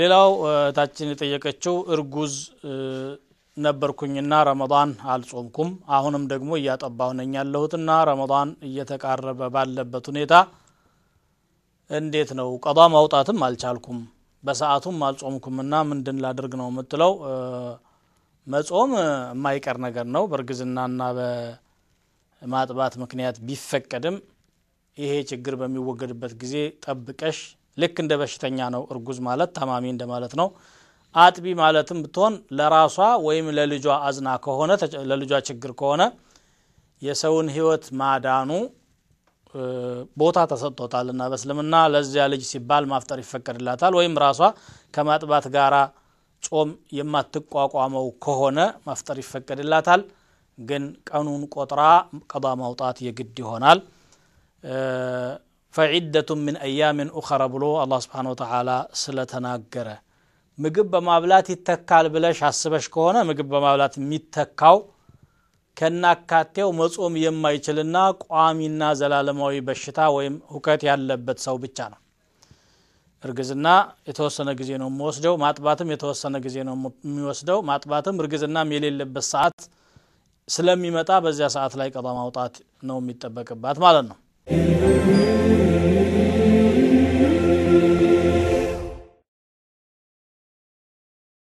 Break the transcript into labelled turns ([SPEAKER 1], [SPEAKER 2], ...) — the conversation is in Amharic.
[SPEAKER 1] ሌላው ታችን የጠየቀችው እርጉዝ ነበርኩኝና ረመዳን አልጾምኩም፣ አሁንም ደግሞ እያጠባሁ ነኝ ያለሁትና ረመን እየተቃረበ ባለበት ሁኔታ እንዴት ነው ቀዷ ማውጣትም አልቻልኩም፣ በሰአቱም አልጾምኩምና ምንድን ላድርግ ነው የምትለው መጾም የማይቀር ነገር ነው። በእርግዝናና በማጥባት ምክንያት ቢፈቀድም ይሄ ችግር በሚወገድበት ጊዜ ጠብቀሽ ልክ እንደ በሽተኛ ነው። እርጉዝ ማለት ታማሚ እንደማለት ነው። አጥቢ ማለትም ብትሆን ለራሷ ወይም ለልጇ አዝና ከሆነ ለልጇ ችግር ከሆነ የሰውን ህይወት ማዳኑ ቦታ ተሰጥቶታልና በስልምና ለዚያ ልጅ ሲባል ማፍጠር ይፈቀድላታል ወይም ራሷ ከማጥባት ጋራ ጾም የማትቋቋመው ከሆነ ማፍጠር ይፈቀድላታል። ግን ቀኑን ቆጥራ ቀዷ ማውጣት የግድ ይሆናል። ፈዒደቱ ምን አያምን ኡኸረ ብሎ አላህ ስብሓነሁ ወተዓላ ስለተናገረ ምግብ በማብላት ይተካል ብለሽ አስበሽ ከሆነ ምግብ በማብላት የሚተካው ከናካቴው መጾም የማይችልና ቋሚና ዘላለማዊ በሽታ ወይም ሁከት ያለበት ሰው ብቻ ነው። እርግዝና የተወሰነ ጊዜ ነው የምወስደው፣ ማጥባትም የተወሰነ ጊዜ ነው የሚወስደው። ማጥባትም እርግዝናም የሌለበት ሰዓት ስለሚመጣ በዚያ ሰዓት ላይ ቀዷ ማውጣት ነው የሚጠበቅባት ማለት ነው።